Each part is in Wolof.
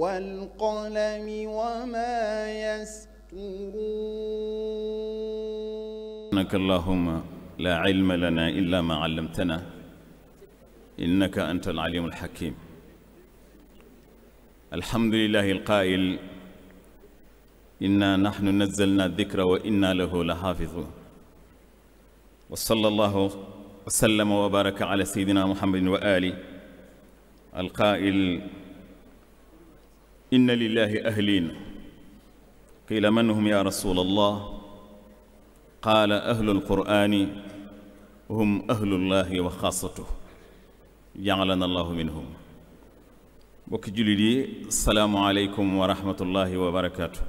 والقلم وما يسطرون سبحانك اللهم لا علم لنا إلا ما علمتنا إنك أنت العليم الحكيم الحمد لله القائل إنا نحن نزلنا الذكر وإنا له لحافظون وصلى الله وسلم وبارك على سيدنا محمد وآله القائل inna lillahi ahliin qiila man hum yaa rasul allah qaala ahlu lqurani hum ahlullahi wa xaasatuh jaalana allahu minhum bokki jullit yi salaamualeykum wa rahmatullahi wa barakaatu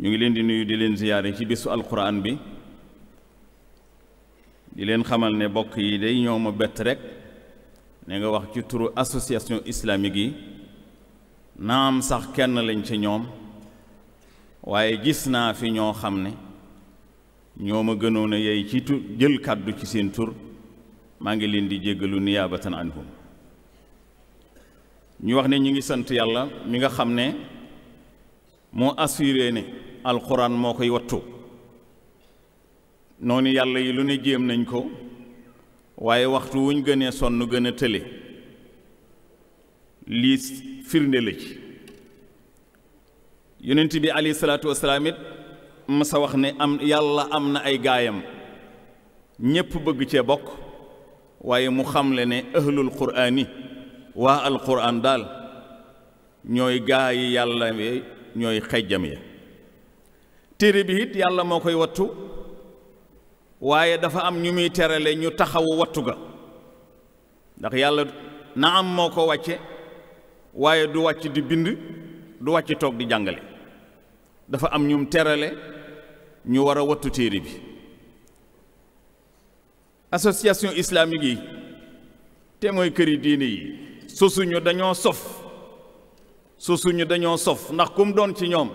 ñu ngi leen di nuyu di leen ziyaare ci bésu alquran bi di leen xamal ne bokk yi day ñoo ma bett rekk ne nga wax ci turu association islamique yi naam sax kenn lañ ci ñoom waaye gis naa fi ñoo xam ne ñoo ma gënoon a yey ci tu jël kàddu ci seen tur maa ngi leen di jéggalu niyaabatan anhum ñu wax ne ñu ngi sant yàlla mi nga xam ne moo assuré ne alxuraan moo koy wattu noonu yàlla yi lu ne jéem nañ ko waaye waxtu wuñ gënee sonn gën a tële lii firnde la ci yonent bi alayhi salaatu wasalaam it masa wax ne am yàlla am na ay gaayam ñépp bëgg cee bokk waaye mu xamle ne ahlul quraani waa alquran daal ñooy gaa yi yàlla ñooy xejjam ya téere bi it yàlla moo koy wattu waaye dafa am ñu muy terale ñu taxawu wattu ga ndax yàlla na am moo ko wàcce waaye du wàcc di bind du wàcc toog di jàngale dafa am ñum terale ñu war a wattu téere bi association islamique yi te mooy këri diine yi sosuñu dañoo sof sosuñu dañoo sof ndax kum doon ci ñoom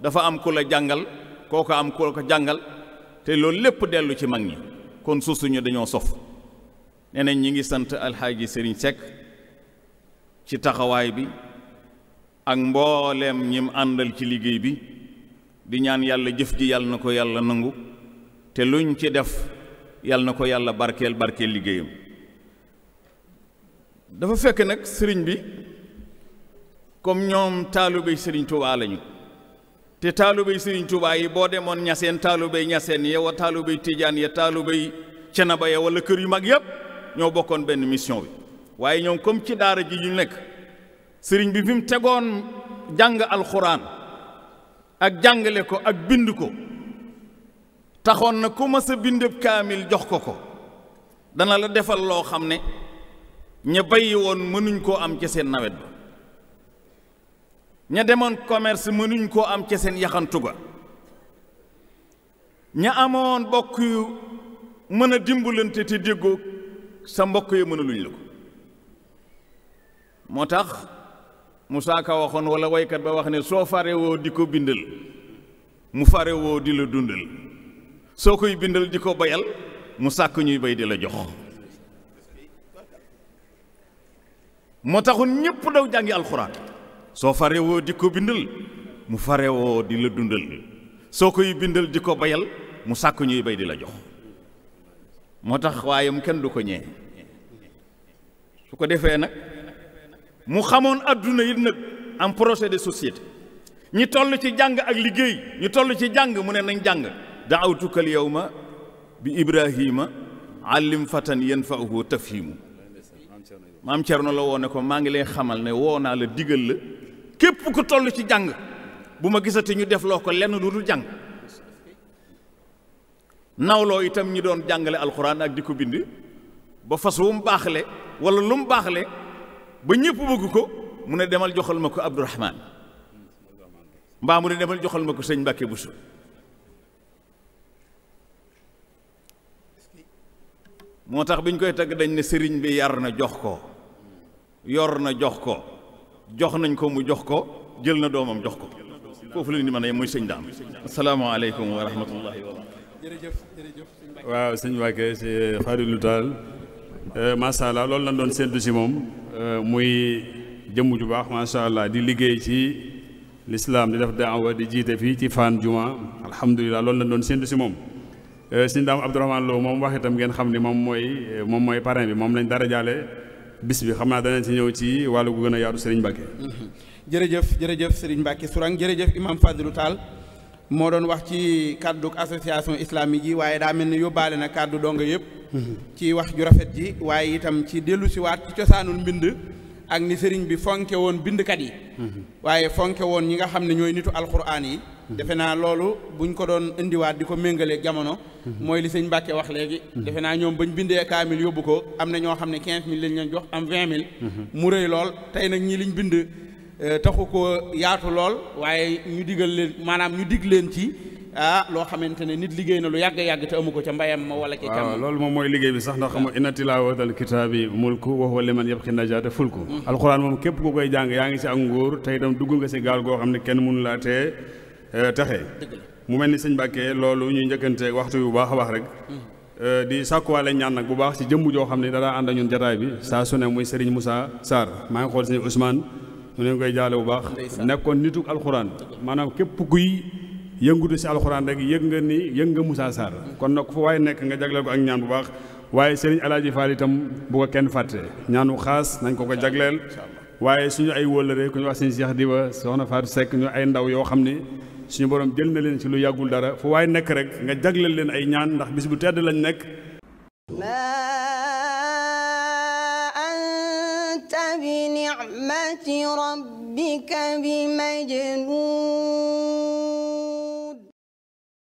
dafa am ku la jàngal koo ko am ku ko jàngal te loolu lépp dellu ci mag ñi kon sosuñu dañoo sof nee nañ ñi ngi sant alxaaji Sëriñ Seck ci taxawaay bi ak mbooleem ñim àndal ci liggéey bi di ñaan yàlla jëf ji yàlla na ko yàlla nangu te luñ ci def yàlla na ko yàlla barkeel barkeel liggéeyam dafa fekk nag sëriñ bi comme ñoom taalubéy sëriñ Tuubaa lañu te taalubéy sëriñ Tuubaa yi boo demoon ñaseen taalubéy ñaseen ya wa taalubéy tijaan ya taalubéy cenaba ya wala kër yu mag yépp ñoo bokkoon benn mission bi waaye ñoom comme ci daara ji ñu nekk sëriñ bi fi mu tegoon jàng alxuraan ak jàngale ko ak bind ko taxoon na ku mas a bindab kaamil jox ko ko dana la defal loo xam ne ña bayi woon mënuñ koo am ca seen nawet ba ña demoon commerce mënuñ koo am ca seen yaxantu ga ña amoon bokk yu mën a dimbalante te déggoo sa mbokk yi mënuluñ la ko moo tax Musaa Ka waxoon walla woykat ba wax ne soo farewoo di ko bindal mu farewoo di la dundal soo koy bindal di ko bayal mu sàkk ñuy bay di la jox moo taxoon ñépp daw jàngi alxuraan soo farewoo di ko bindal mu farewoo di la dundal soo koy bindal di ko bayal mu sàkk ñuy bay di la jox moo tax waaye mu kenn du ko ñee su ko defee nag mu xamoon àdduna yi nag en projet de société ñi toll ci jàng ak liggéey ñu toll ci jàng mu ne nañ jàng daawtukal yawma bi ibrahima allim fatan yanfa'uhu tafhimu maam na la woo ne ko maa ngi lay xamal ne woo naa la digal la képp ko toll ci jàng bu ma gisati ñu def loo ko lenn lu dul jàng nawloo itam ñi doon jàngale alxuraan ak di ko bind ba fas wu mu baaxle wala lu mu baaxle ba ñëpp bëgg ko mu ne demal joxal ma ko Abdourahman mbaa mu ne demal joxal ma ko sëñ Mbàkke Buso moo tax bi ñu koy tagg dañ ne sëriñ bi yar na jox ko yor na jox ko jox nañ ko mu jox ko jël na doomam jox ko foofu la ni mën a mooy sëñ daam asalaamaaleykum wa rahmatullahi wa jërëjëf jërëjëf waaw sëñ Mbàkke si Fadilou Tall Euh, macha allah loolu lañ doon séntu si moom euh, muy jëmm ju baax macha allah di liggéey ci lislaam di def daawa di jiite fii ci Fann juma alhamdulilah loolu lañ doon séntu si moom. Euh, suñu daam Abdourahmane Lo moom wax itam ngeen xam ni moom mooy moom mooy parrain bi moom lañ dara jaale bis bi xam naa danañ si ñëw ci wàllu gu gën a yaatu Serigne Mbacke. Mhm. jërëjëf jërëjëf Serigne Mbacke Sourang jërëjëf Imam Fadilou Tall. moo doon wax ci kàddu association islamique yi waaye daa mel ni yóbbaale na kàddu donga yëpp ci wax ju rafet ji waaye itam ci dellu siwaat ci cosaanul mbind ak ni sëriñ bi fonke woon bindkat yi waaye fonke woon ñi nga xam ne ñooy nitu alxuraan yi defe naa loolu bu buñ ko doon indiwaat di ko méngaleeg jamono mooy li sëñ Mbàkke wax léegi defe naa ñoom bañ bindee kaamil yóbbu ko am na ñoo xam ne quinze mille lañ leen jox am vingt mille mu rëy lool tey nag ñi liñ bind eh, taxu ko yaatu lool waaye ñu digal leen maanaam ñu dig leen ci ah loo xamante ne nit liggéey na lu yàgg yàgg ko ca mbayam ma wala ca loolu moom mooy liggéey bi sax ndax xam inna tilaawatal kitaabi mulku wa huwa liman yabxi najaata fulku mm-hmm. alxuraan moom képp ku koy jàng yaa ngi si ak nguur te itam dugg nga si gaal goo xam ne kenn mënu laa tee eh, taxe mu mel ni sëñ Mbàkke loolu ñuy njëkkante waxtu bu baax a baax rek mm-hmm. eh, di sàkkuwaale ñaan nag bu baax si jëmm joo xam ne dara ànd a ñun jataay bi saa su ne muy Sëriñ Moussa saar maa ngi xool sëñ Ousmane ñu ngi koy jaale bu baax nekkoon nitu alxuraan yëngutu si alxuraan rek yëg nga ni yëg nga Moussa Sarr kon nag fu waaye nekk nga jagleel ko ak ñaan bu baax waaye sëriñ Alaaji Fall itam bu ko kenn fàtte ñaanu xaas nañ ko ko jagleel waaye suñu ay wóllëre ku ñu wax sëñ Cheikh Diba soxna Fatou sekk ñu ay ndaw yoo xam ni suñu boroom jël na leen ci lu yàggul dara fu waaye nekk rek nga jagleel leen ay ñaan ndax bis bu tedd lañu nekk anta bi ni'mati rabbika bi majnun